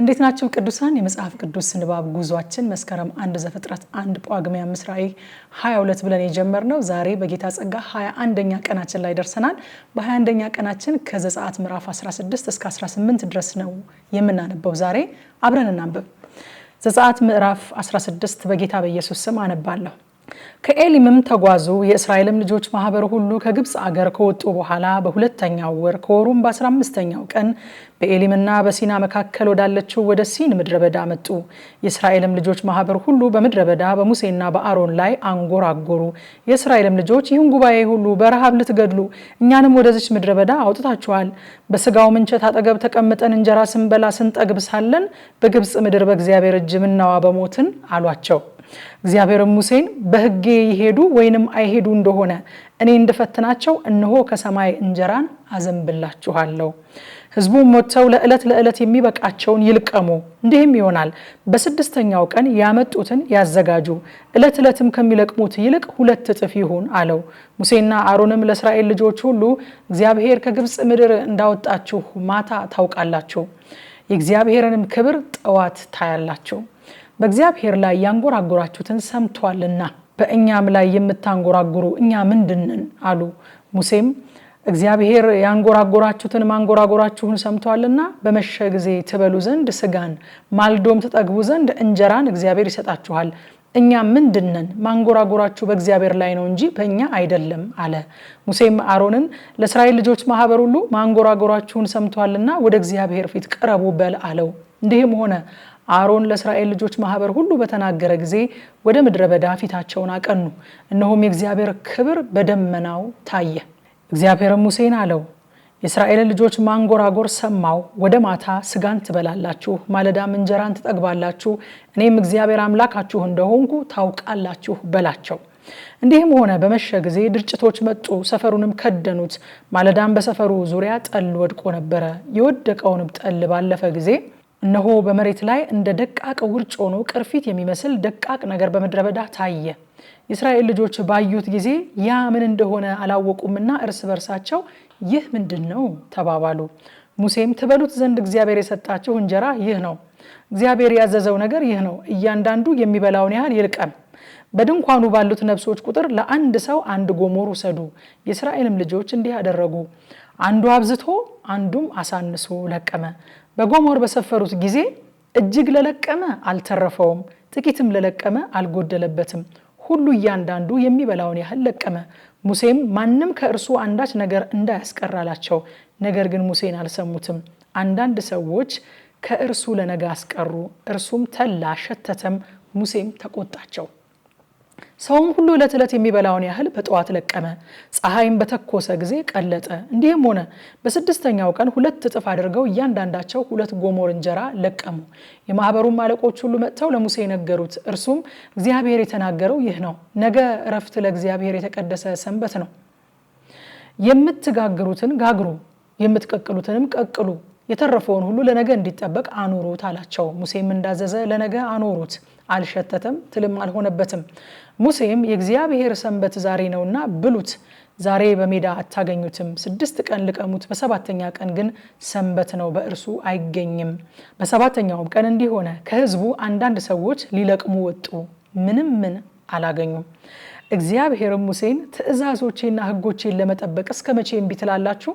እንዴት ናቸው ቅዱሳን? የመጽሐፍ ቅዱስ ንባብ ጉዟችን መስከረም አንድ ዘፍጥረት አንድ ጳጉሜ አምስት ራዕይ 22 ብለን የጀመርነው ዛሬ በጌታ ጸጋ 21ኛ ቀናችን ላይ ደርሰናል። በ21ኛ ቀናችን ከዘጸአት ምዕራፍ 16 እስከ 18 ድረስ ነው የምናነበው። ዛሬ አብረን እናንብብ። ዘጸአት ምዕራፍ 16 በጌታ በኢየሱስ ስም አነባለሁ። ከኤሊምም ተጓዙ። የእስራኤልም ልጆች ማህበር ሁሉ ከግብፅ አገር ከወጡ በኋላ በሁለተኛው ወር ከወሩም በ 15 አምስተኛው ቀን በኤሊምና በሲና መካከል ወዳለችው ወደ ሲን ምድረ በዳ መጡ። የእስራኤልም ልጆች ማህበር ሁሉ በምድረ በዳ በሙሴና በአሮን ላይ አንጎራጎሩ። የእስራኤልም ልጆች ይህን ጉባኤ ሁሉ በረሃብ ልትገድሉ እኛንም ወደዚች ምድረ በዳ አውጥታችኋል። በስጋው ምንቸት አጠገብ ተቀምጠን እንጀራ ስንበላ ስንጠግብ ሳለን በግብፅ ምድር በእግዚአብሔር እጅ ምናዋ በሞትን አሏቸው። እግዚአብሔርም ሙሴን በሕጌ ይሄዱ ወይንም አይሄዱ እንደሆነ እኔ እንድፈትናቸው እነሆ ከሰማይ እንጀራን አዘንብላችኋለሁ። ህዝቡ ሞተው ለዕለት ለዕለት የሚበቃቸውን ይልቀሙ። እንዲህም ይሆናል በስድስተኛው ቀን ያመጡትን ያዘጋጁ፣ ዕለት ዕለትም ከሚለቅሙት ይልቅ ሁለት እጥፍ ይሁን አለው። ሙሴና አሮንም ለእስራኤል ልጆች ሁሉ እግዚአብሔር ከግብፅ ምድር እንዳወጣችሁ ማታ ታውቃላችሁ፣ የእግዚአብሔርንም ክብር ጠዋት ታያላችሁ። በእግዚአብሔር ላይ ያንጎራጎራችሁትን ሰምቷልና በእኛም ላይ የምታንጎራጉሩ እኛ ምንድንን አሉ። ሙሴም እግዚአብሔር ያንጎራጎራችሁትን ማንጎራጎራችሁን ሰምቷልና በመሸ ጊዜ ትበሉ ዘንድ ስጋን ማልዶም ትጠግቡ ዘንድ እንጀራን እግዚአብሔር ይሰጣችኋል። እኛ ምንድነን? ማንጎራጎራችሁ በእግዚአብሔር ላይ ነው እንጂ በእኛ አይደለም አለ። ሙሴም አሮንን ለእስራኤል ልጆች ማህበር ሁሉ ማንጎራጎራችሁን ሰምቷልና ወደ እግዚአብሔር ፊት ቅረቡ በል አለው። እንዲህም ሆነ። አሮን ለእስራኤል ልጆች ማህበር ሁሉ በተናገረ ጊዜ ወደ ምድረ በዳ ፊታቸውን አቀኑ፣ እነሆም የእግዚአብሔር ክብር በደመናው ታየ። እግዚአብሔር ሙሴን አለው፣ የእስራኤልን ልጆች ማንጎራጎር ሰማው። ወደ ማታ ስጋን ትበላላችሁ፣ ማለዳም እንጀራን ትጠግባላችሁ፣ እኔም እግዚአብሔር አምላካችሁ እንደሆንኩ ታውቃላችሁ በላቸው። እንዲህም ሆነ፣ በመሸ ጊዜ ድርጭቶች መጡ፣ ሰፈሩንም ከደኑት። ማለዳም በሰፈሩ ዙሪያ ጠል ወድቆ ነበረ። የወደቀውንም ጠል ባለፈ ጊዜ እነሆ በመሬት ላይ እንደ ደቃቅ ውርጭ ሆኖ ቅርፊት የሚመስል ደቃቅ ነገር በምድረ በዳ ታየ። የእስራኤል ልጆች ባዩት ጊዜ ያ ምን እንደሆነ አላወቁምና እርስ በርሳቸው ይህ ምንድን ነው ተባባሉ። ሙሴም ትበሉት ዘንድ እግዚአብሔር የሰጣችሁ እንጀራ ይህ ነው፣ እግዚአብሔር ያዘዘው ነገር ይህ ነው፣ እያንዳንዱ የሚበላውን ያህል ይልቀም። በድንኳኑ ባሉት ነፍሶች ቁጥር ለአንድ ሰው አንድ ጎሞር ውሰዱ። የእስራኤልም ልጆች እንዲህ አደረጉ። አንዱ አብዝቶ አንዱም አሳንሶ ለቀመ። በጎሞር በሰፈሩት ጊዜ እጅግ ለለቀመ አልተረፈውም፣ ጥቂትም ለለቀመ አልጎደለበትም። ሁሉ እያንዳንዱ የሚበላውን ያህል ለቀመ። ሙሴም ማንም ከእርሱ አንዳች ነገር እንዳያስቀራላቸው፣ አላቸው። ነገር ግን ሙሴን አልሰሙትም። አንዳንድ ሰዎች ከእርሱ ለነገ አስቀሩ። እርሱም ተላ ሸተተም፣ ሙሴም ተቆጣቸው። ሰውም ሁሉ ዕለት ዕለት የሚበላውን ያህል በጠዋት ለቀመ፣ ፀሐይም በተኮሰ ጊዜ ቀለጠ። እንዲህም ሆነ በስድስተኛው ቀን ሁለት እጥፍ አድርገው እያንዳንዳቸው ሁለት ጎሞር እንጀራ ለቀሙ። የማኅበሩም አለቆች ሁሉ መጥተው ለሙሴ ነገሩት። እርሱም እግዚአብሔር የተናገረው ይህ ነው፣ ነገ እረፍት ለእግዚአብሔር የተቀደሰ ሰንበት ነው። የምትጋግሩትን ጋግሩ፣ የምትቀቅሉትንም ቀቅሉ፣ የተረፈውን ሁሉ ለነገ እንዲጠበቅ አኑሩት አላቸው። ሙሴም እንዳዘዘ ለነገ አኖሩት። አልሸተተም፣ ትልም አልሆነበትም። ሙሴም የእግዚአብሔር ሰንበት ዛሬ ነውና ብሉት፣ ዛሬ በሜዳ አታገኙትም። ስድስት ቀን ልቀሙት፣ በሰባተኛ ቀን ግን ሰንበት ነው፣ በእርሱ አይገኝም። በሰባተኛውም ቀን እንዲህ ሆነ፣ አንዳንድ ሰዎች ሊለቅሙ ወጡ፣ ምንም ምን አላገኙም። እግዚአብሔርም ሙሴን ትእዛዞቼና ህጎቼን ለመጠበቅ እስከ መቼ እምቢ ትላላችሁ?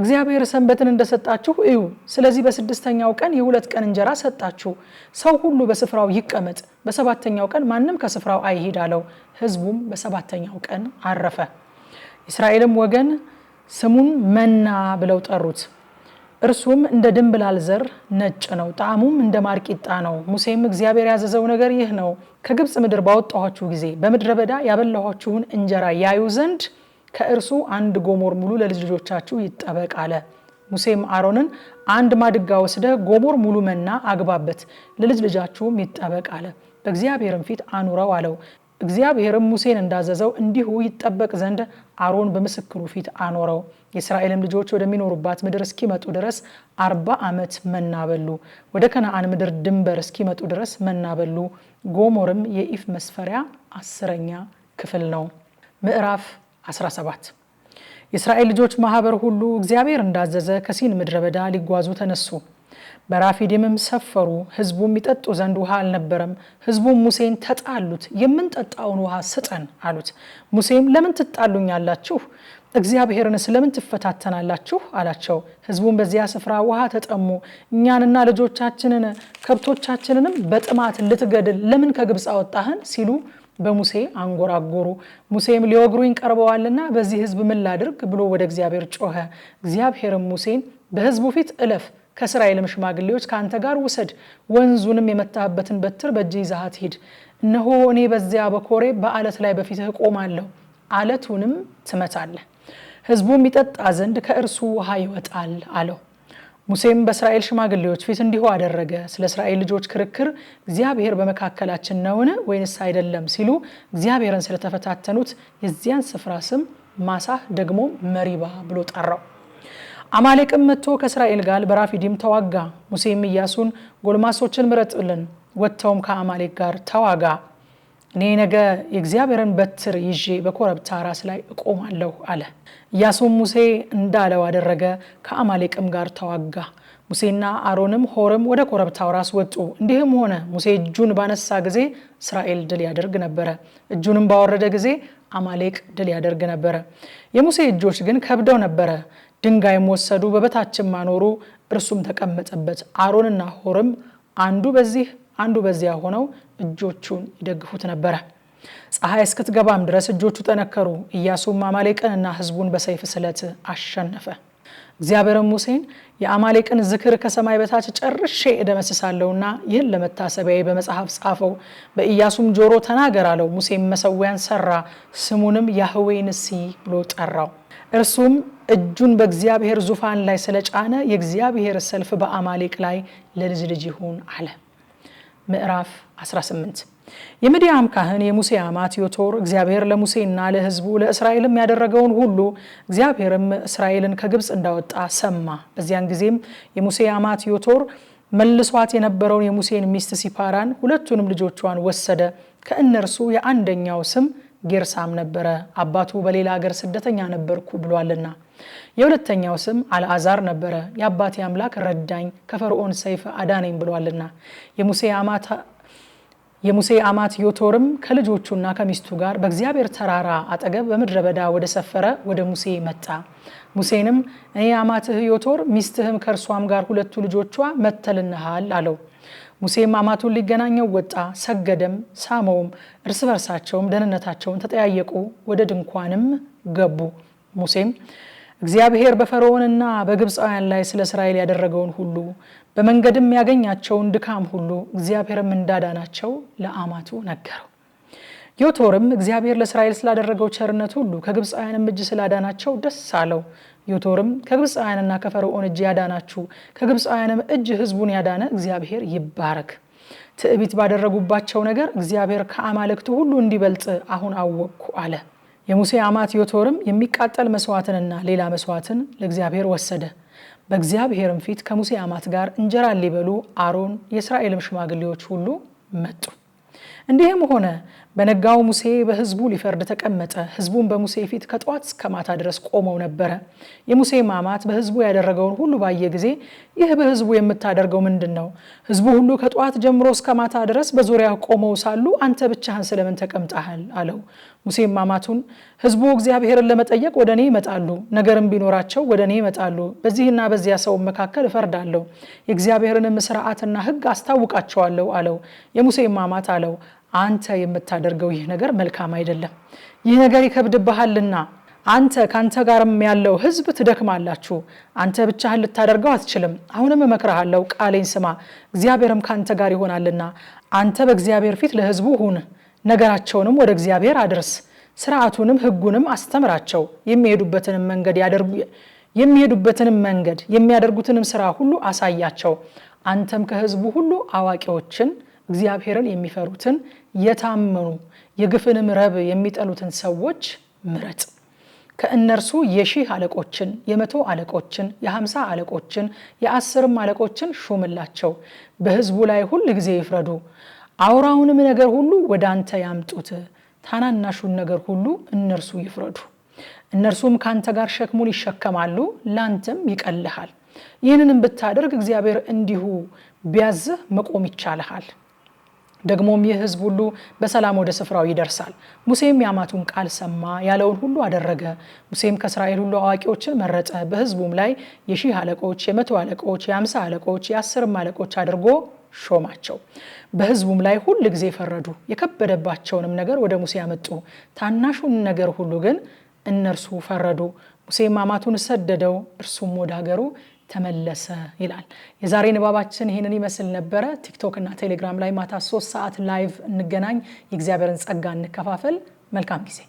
እግዚአብሔር ሰንበትን እንደሰጣችሁ እዩ። ስለዚህ በስድስተኛው ቀን የሁለት ቀን እንጀራ ሰጣችሁ፣ ሰው ሁሉ በስፍራው ይቀመጥ፣ በሰባተኛው ቀን ማንም ከስፍራው አይሂድ አለው። ሕዝቡም በሰባተኛው ቀን አረፈ። የእስራኤልም ወገን ስሙን መና ብለው ጠሩት። እርሱም እንደ ድንብላል ዘር ነጭ ነው፣ ጣዕሙም እንደ ማርቂጣ ነው። ሙሴም እግዚአብሔር ያዘዘው ነገር ይህ ነው፣ ከግብፅ ምድር ባወጣኋችሁ ጊዜ በምድረ በዳ ያበላኋችሁን እንጀራ ያዩ ዘንድ ከእርሱ አንድ ጎሞር ሙሉ ለልጅ ልጆቻችሁ ይጠበቅ አለ። ሙሴም አሮንን አንድ ማድጋ ወስደህ ጎሞር ሙሉ መና አግባበት፣ ለልጅ ልጃችሁም ይጠበቅ አለ። በእግዚአብሔርም ፊት አኑረው አለው። እግዚአብሔርም ሙሴን እንዳዘዘው እንዲሁ ይጠበቅ ዘንድ አሮን በምስክሩ ፊት አኖረው። የእስራኤልም ልጆች ወደሚኖሩባት ምድር እስኪመጡ ድረስ አርባ ዓመት መና በሉ። ወደ ከነአን ምድር ድንበር እስኪመጡ ድረስ መና በሉ። ጎሞርም የኢፍ መስፈሪያ አስረኛ ክፍል ነው። ምዕራፍ 17 የእስራኤል ልጆች ማህበር ሁሉ እግዚአብሔር እንዳዘዘ ከሲን ምድረ በዳ ሊጓዙ ተነሱ። በራፊዲምም ሰፈሩ። ህዝቡም ይጠጡ ዘንድ ውሃ አልነበረም። ህዝቡም ሙሴን ተጣሉት፣ የምንጠጣውን ውሃ ስጠን አሉት። ሙሴም ለምን ትጣሉኛላችሁ? እግዚአብሔርን ስለምን ትፈታተናላችሁ? አላቸው። ህዝቡም በዚያ ስፍራ ውሃ ተጠሙ። እኛንና ልጆቻችንን ከብቶቻችንንም በጥማት ልትገድል ለምን ከግብፅ አወጣህን? ሲሉ በሙሴ አንጎራጎሩ። ሙሴም ሊወግሩኝ ቀርበዋልና በዚህ ሕዝብ ምን ላድርግ ብሎ ወደ እግዚአብሔር ጮኸ። እግዚአብሔርም ሙሴን በሕዝቡ ፊት እለፍ፣ ከእስራኤልም ሽማግሌዎች ከአንተ ጋር ውሰድ፣ ወንዙንም የመታህበትን በትር በእጅ ይዛሃት ሂድ። እነሆ እኔ በዚያ በኮሬ በአለት ላይ በፊትህ እቆማለሁ፣ አለቱንም ትመታለህ፣ ሕዝቡም ይጠጣ ዘንድ ከእርሱ ውሃ ይወጣል አለው። ሙሴም በእስራኤል ሽማግሌዎች ፊት እንዲሁ አደረገ። ስለ እስራኤል ልጆች ክርክር እግዚአብሔር በመካከላችን ነውን ወይንስ አይደለም ሲሉ እግዚአብሔርን ስለተፈታተኑት የዚያን ስፍራ ስም ማሳህ ደግሞ መሪባ ብሎ ጠራው። አማሌቅም መጥቶ ከእስራኤል ጋር በራፊዲም ተዋጋ። ሙሴም ኢያሱን ጎልማሶችን ምረጥልን፣ ወጥተውም ከአማሌቅ ጋር ተዋጋ እኔ ነገ የእግዚአብሔርን በትር ይዤ በኮረብታ ራስ ላይ እቆማለሁ አለ። ኢያሱም ሙሴ እንዳለው አደረገ፣ ከአማሌቅም ጋር ተዋጋ። ሙሴና አሮንም ሆርም ወደ ኮረብታው ራስ ወጡ። እንዲህም ሆነ ሙሴ እጁን ባነሳ ጊዜ እስራኤል ድል ያደርግ ነበረ፣ እጁንም ባወረደ ጊዜ አማሌቅ ድል ያደርግ ነበረ። የሙሴ እጆች ግን ከብደው ነበረ። ድንጋይም ወሰዱ፣ በበታችም አኖሩ፣ እርሱም ተቀመጠበት። አሮንና ሆርም አንዱ በዚህ አንዱ በዚያ ሆነው እጆቹን ይደግፉት ነበረ። ፀሐይ እስክትገባም ድረስ እጆቹ ጠነከሩ። ኢያሱም አማሌቅንና ህዝቡን በሰይፍ ስለት አሸነፈ። እግዚአብሔርም ሙሴን የአማሌቅን ዝክር ከሰማይ በታች ጨርሼ እደመስሳለሁና ይህን ለመታሰቢያ በመጽሐፍ ጻፈው፣ በኢያሱም ጆሮ ተናገር አለው። ሙሴም መሰዊያን ሰራ፣ ስሙንም ያህዌ ንሲ ብሎ ጠራው። እርሱም እጁን በእግዚአብሔር ዙፋን ላይ ስለጫነ የእግዚአብሔር ሰልፍ በአማሌቅ ላይ ለልጅ ልጅ ይሁን አለ። ምዕራፍ 18 የምድያም ካህን የሙሴ አማት ዮቶር እግዚአብሔር ለሙሴና ለሕዝቡ ለእስራኤልም ያደረገውን ሁሉ እግዚአብሔርም እስራኤልን ከግብፅ እንዳወጣ ሰማ። በዚያን ጊዜም የሙሴ አማት ዮቶር መልሷት የነበረውን የሙሴን ሚስት ሲፓራን ሁለቱንም ልጆቿን ወሰደ። ከእነርሱ የአንደኛው ስም ጌርሳም ነበረ፣ አባቱ በሌላ አገር ስደተኛ ነበርኩ ብሏልና። የሁለተኛው ስም አልአዛር ነበረ፣ የአባቴ አምላክ ረዳኝ ከፈርዖን ሰይፍ አዳነኝ ብሏልና። የሙሴ አማት ዮቶርም ከልጆቹና ከሚስቱ ጋር በእግዚአብሔር ተራራ አጠገብ በምድረ በዳ ወደ ሰፈረ ወደ ሙሴ መጣ። ሙሴንም እኔ አማትህ ዮቶር፣ ሚስትህም ከእርሷም ጋር ሁለቱ ልጆቿ መተልንሃል አለው። ሙሴም አማቱን ሊገናኘው ወጣ፣ ሰገደም፣ ሳመውም። እርስ በርሳቸውም ደህንነታቸውን ተጠያየቁ፣ ወደ ድንኳንም ገቡ። ሙሴም እግዚአብሔር በፈርዖንና በግብፃውያን ላይ ስለ እስራኤል ያደረገውን ሁሉ በመንገድም ያገኛቸውን ድካም ሁሉ እግዚአብሔርም እንዳዳናቸው ለአማቱ ነገረው። ዮቶርም እግዚአብሔር ለእስራኤል ስላደረገው ቸርነት ሁሉ ከግብፃውያንም እጅ ስላዳናቸው ደስ አለው። ዮቶርም ከግብፃውያንና ከፈርዖን እጅ ያዳናችሁ ከግብፃውያንም እጅ ሕዝቡን ያዳነ እግዚአብሔር ይባረክ። ትዕቢት ባደረጉባቸው ነገር እግዚአብሔር ከአማልክቱ ሁሉ እንዲበልጥ አሁን አወቅኩ አለ። የሙሴ አማት ዮቶርም የሚቃጠል መስዋዕትንና ሌላ መስዋዕትን ለእግዚአብሔር ወሰደ። በእግዚአብሔርም ፊት ከሙሴ አማት ጋር እንጀራ ሊበሉ አሮን የእስራኤልም ሽማግሌዎች ሁሉ መጡ። እንዲህም ሆነ፣ በነጋው ሙሴ በሕዝቡ ሊፈርድ ተቀመጠ። ሕዝቡም በሙሴ ፊት ከጠዋት እስከ ማታ ድረስ ቆመው ነበረ። የሙሴ ማማት በሕዝቡ ያደረገውን ሁሉ ባየ ጊዜ ይህ በሕዝቡ የምታደርገው ምንድን ነው? ሕዝቡ ሁሉ ከጠዋት ጀምሮ እስከ ማታ ድረስ በዙሪያ ቆመው ሳሉ አንተ ብቻህን ስለምን ተቀምጠሃል? አለው። ሙሴ ማማቱን ህዝቡ እግዚአብሔርን ለመጠየቅ ወደ እኔ ይመጣሉ፣ ነገርም ቢኖራቸው ወደ እኔ ይመጣሉ። በዚህና በዚያ ሰው መካከል እፈርዳለሁ፣ የእግዚአብሔርንም ስርዓትና ህግ አስታውቃቸዋለሁ አለው። የሙሴ ማማት አለው አንተ የምታደርገው ይህ ነገር መልካም አይደለም፣ ይህ ነገር ይከብድብሃልና አንተ ከአንተ ጋርም ያለው ህዝብ ትደክማላችሁ። አንተ ብቻህን ልታደርገው አትችልም። አሁንም እመክርሃለሁ፣ ቃሌን ስማ፣ እግዚአብሔርም ከአንተ ጋር ይሆናልና አንተ በእግዚአብሔር ፊት ለህዝቡ ሁን ነገራቸውንም ወደ እግዚአብሔር አድርስ፣ ስርዓቱንም ህጉንም አስተምራቸው። የሚሄዱበትንም መንገድ ያደርጉ የሚሄዱበትንም መንገድ የሚያደርጉትንም ስራ ሁሉ አሳያቸው። አንተም ከህዝቡ ሁሉ አዋቂዎችን እግዚአብሔርን የሚፈሩትን የታመኑ የግፍንም ረብ የሚጠሉትን ሰዎች ምረጥ። ከእነርሱ የሺህ አለቆችን የመቶ አለቆችን የሀምሳ አለቆችን የአስርም አለቆችን ሹምላቸው። በህዝቡ ላይ ሁል ጊዜ ይፍረዱ። አውራውንም ነገር ሁሉ ወደ አንተ ያምጡት፣ ታናናሹን ነገር ሁሉ እነርሱ ይፍረዱ። እነርሱም ከአንተ ጋር ሸክሙን ይሸከማሉ፣ ለአንተም ይቀልሃል። ይህንንም ብታደርግ እግዚአብሔር እንዲሁ ቢያዝህ መቆም ይቻልሃል። ደግሞም ይህ ሕዝብ ሁሉ በሰላም ወደ ስፍራው ይደርሳል። ሙሴም የአማቱን ቃል ሰማ፣ ያለውን ሁሉ አደረገ። ሙሴም ከእስራኤል ሁሉ አዋቂዎችን መረጠ። በሕዝቡም ላይ የሺህ አለቆች፣ የመቶ አለቆች፣ የአምሳ አለቆች፣ የአስርም አለቆች አድርጎ ሾማቸው። በሕዝቡም ላይ ሁል ጊዜ ፈረዱ፣ የከበደባቸውንም ነገር ወደ ሙሴ አመጡ። ታናሹን ነገር ሁሉ ግን እነርሱ ፈረዱ። ሙሴም አማቱን ሰደደው፣ እርሱም ወደ ሀገሩ ተመለሰ ይላል። የዛሬ ንባባችን ይህንን ይመስል ነበረ። ቲክቶክ እና ቴሌግራም ላይ ማታ ሶስት ሰዓት ላይቭ እንገናኝ። የእግዚአብሔርን ጸጋ እንከፋፈል። መልካም ጊዜ